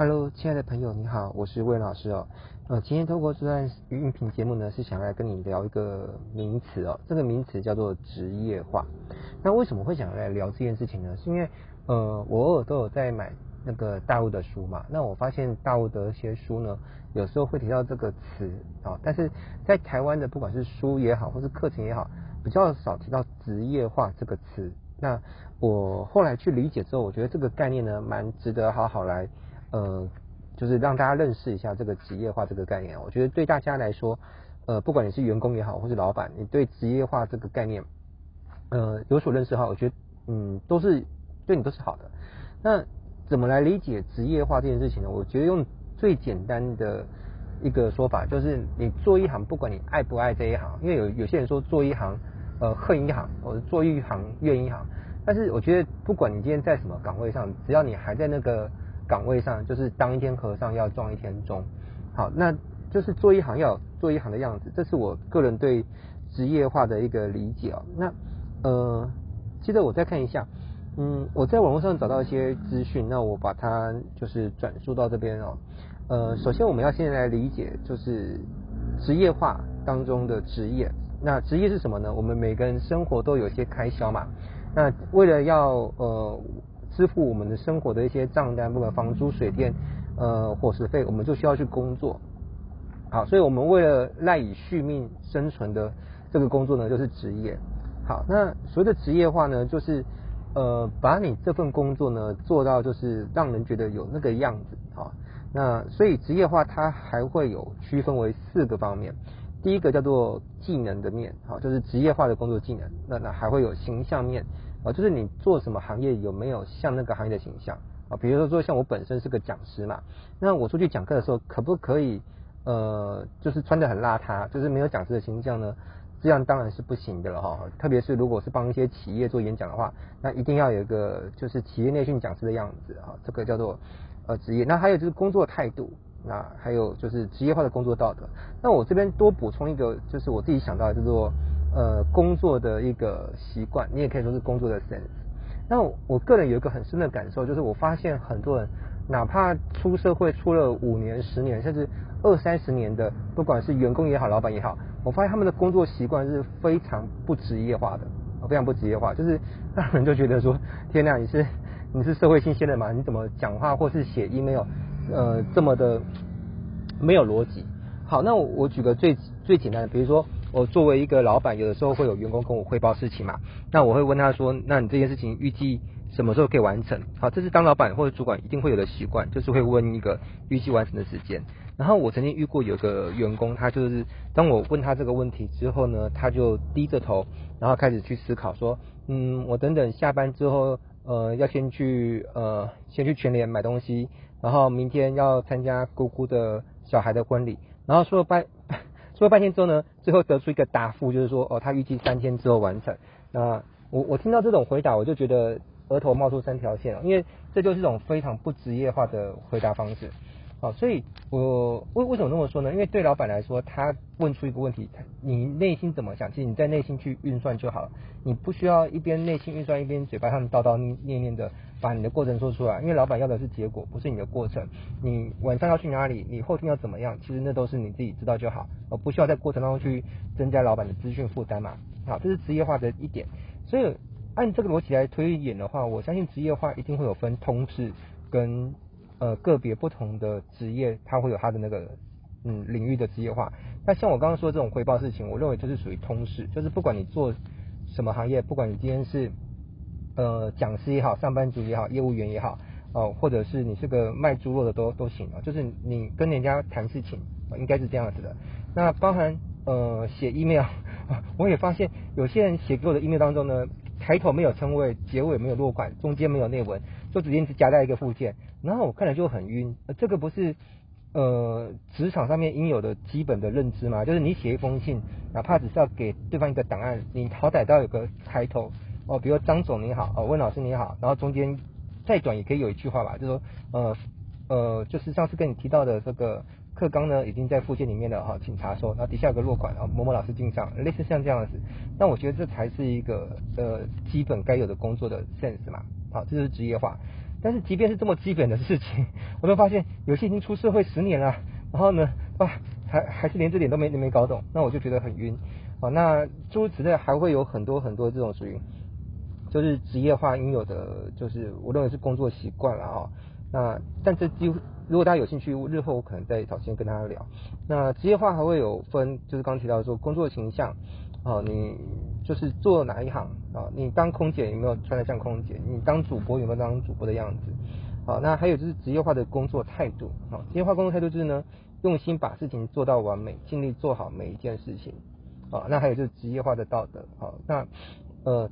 Hello，親愛的朋友，你好，我是魏老師哦。呃，今天透過這段音頻節目呢，是想來跟你聊一個名詞哦。這個名詞叫做職業化。那為什麼會想來聊這件事情呢？是因為呃，我偶爾都有在買那個大陸的書嘛。那我發現大陸的一些書呢，有時候會提到這個詞啊，哦，但是在台灣的不管是書也好，或是課程也好，比較少提到職業化這個詞。那我後來去理解之後，我覺得這個概念呢，蠻值得好好來。呃，就是讓大家認識一下這個職業化這個概念。我覺得對大家來說，呃，不管你是員工也好，或是老板，你對職業化這個概念，呃，有所認識的話，我覺得嗯，都是對你都是好的。那怎麼來理解職業化這件事情呢？我覺得用最簡單的一個說法，就是你做一行，不管你愛不愛這一行，因為有有些人說做一行，呃，恨一行，或者做一行怨一行。但是我覺得，不管你今天在什麼崗位上，只要你還在那個。崗位上，就是當一天和尚要撞一天鐘。好，那就是做一行要做一行的樣子，這是我個人對職業化的一個理解哦。那呃，接着我再看一下，嗯，我在網絡上找到一些資訊，那我把它就是轉述到這邊哦。呃，首先我們要先來理解，就是職業化當中的職業。那職業是什麼呢？我們每個人生活都有些開銷嘛，那為了要呃。支付我們的生活的一些賬單，不管房租、水電、呃、伙食費，我們就需要去工作。好，所以我們為了賴以續命生存的這個工作呢，就是職業。好，那所謂的職業化呢，就是呃，把你這份工作呢做到就是讓人覺得有那個樣子。好，那所以職業化它還會有區分為四個方面，第一個叫做技能的面，好，就是職業化的工作技能。那那還會有形象面。啊，就是你做什麼行業有沒有像那個行業的形象啊？比如說說像我本身是個講師嘛，那我出去講課的時候可不可以呃，就是穿得很邋遢，就是沒有講師的形象呢？這樣當然是不行的了哈。特別是如果是幫一些企業做演講的話，那一定要有一個就是企業內訓講師的樣子啊，這個叫做呃職業。那還有就是工作態度，那還有就是職業化的工作道德。那我這邊多補充一個，就是我自己想到的叫做。呃，工作的一個習慣，你也可以說是工作的 sense。那我，我個人有一個很深的感受，就是我發現很多人，哪怕出社會出了五年、十年，甚至二三十年的，不管是員工也好，老闆也好，我發現他們的工作習慣是非常不職業化的，非常不職業化，就是讓人就覺得說，天哪，你是你是社會新鮮人嘛？你怎麼講話或是寫，email，呃，這麼的沒有邏輯。好，那我，我舉個最最簡單的，比如說。我作為一個老板，有的時候會有員工跟我匯報事情嘛，那我會問他說：“那你這件事情預計什麼時候可以完成？”好，這是當老板或者主管一定會有的習慣，就是會問一個預計完成的時間。然後我曾經遇過有個員工，他就是當我問他這個問題之後呢，他就低着頭，然後開始去思考說：“嗯，我等等下班之後，呃，要先去，呃，先去全聯買東西，然後明天要參加姑姑的小孩的婚禮，然後說拜。”說了半天之後呢，最後得出一個答覆，就是說，哦，他預計三天之後完成。那我我聽到這種回答，我就覺得額頭冒出三條線，因為這就是一種非常不職業化的回答方式。好，所以我，我為為什麼那麼說呢？因為對老板來說，他問出一個問題，你內心怎麼想，其實你在內心去運算就好了，你不需要一邊內心運算一邊嘴巴上叨叨念念的把你的過程說出來，因為老板要的是結果，不是你的過程。你晚上要去哪裡，你後天要怎麼樣，其實那都是你自己知道就好，而不需要在過程當中去增加老板的資訊負擔嘛。好，這是職業化的一點。所以按這個邏輯來推演的話，我相信職業化一定會有分通識跟。呃，個別不同的職業，它會有它的那個嗯領域的職業化。那像我剛剛說這種回報事情，我認為就是屬於通識，就是不管你做什麼行業，不管你今天是呃講師也好，上班族也好，業務員也好，哦、呃，或者是你是個賣豬肉的都都行啊，就是你跟人家談事情，應該是這樣子的。那包含呃寫 email， 我也發現有些人寫給我的 email 當中呢。抬頭沒有稱謂，結尾沒有落款，中間沒有內文，就直接只夾在一個附件，然後我看了就很暈、呃。這個不是呃職場上面應有的基本的認知嘛？就是你寫一封信，哪怕只是要給對方一個檔案，你好歹都要有個抬頭哦，比如說張總你好，哦溫老師你好，然後中間再短也可以有一句話吧，就是說呃呃就是上次跟你提到的這個。課綱呢已經在附件裡面的哈，請查收。那底下有個落款，哦、某某老師敬上，類似像這樣子。那我覺得這才是一個呃基本該有的工作的 sense 嘛。好、哦，這是職業化。但是即便是這麼基本的事情，我都發現有些已經出社會十年了，然後呢，哇，還還是連這點都沒沒搞懂，那我就覺得很暈。好、哦，那諸如此類還會有很多很多這種屬於，就是職業化應有的，就是我認為是工作習慣了哈，那但這幾乎。如果大家有興趣，日後我可能再找時間跟大家聊。那職業化還會有分，就是剛提到說工作的形象，啊、呃，你就是做哪一行啊、呃？你當空姐有沒有穿得像空姐？你當主播有沒有當主播的樣子？好、呃，那還有就是職業化的工作態度，好、呃，職業化工作態度就是呢，用心把事情做到完美，盡力做好每一件事情，啊、呃，那還有就是職業化的道德，好，那呃。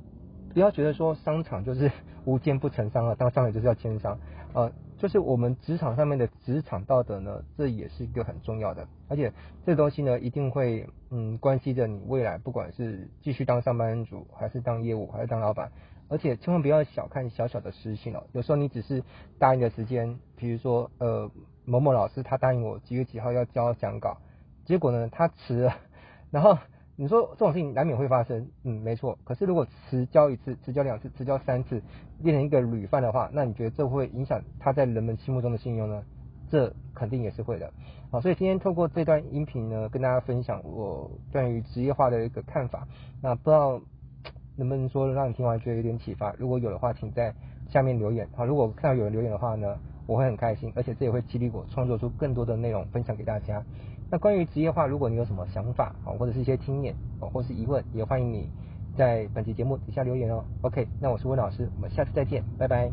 不要覺得說商場就是無奸不成商啊，當商人就是要奸商啊、呃，就是我們職場上面的職場道德呢，這也是一個很重要的，而且這個、東西呢一定會嗯關係着你未來，不管是繼續當上班族，還是當業務，還是當老板，而且千萬不要小看小小的失信哦，有時候你只是答應的時間，比如說呃某某老師他答應我幾月幾號要交講稿，結果呢他遲了，然後。你說這種事情難免會發生，嗯，沒錯。可是如果遲交一次、遲交兩次、遲交三次，變成一個屢犯的話，那你覺得這會影響他在人們心目中的信用呢？這肯定也是會的。好，所以今天透過這段音頻呢，跟大家分享我關於職業化的一個看法。那不知道能不能說讓你聽完覺得有點啟發？如果有的話，請在下面留言。好，如果看到有人留言的話呢，我會很開心，而且這也會激勵我創作出更多的內容分享給大家。那關於職業化，如果你有什麼想法啊，或者是一些經驗，或是疑問，也歡迎你在本期節目底下留言哦。OK，那我是溫老師，我們下次再見，拜拜。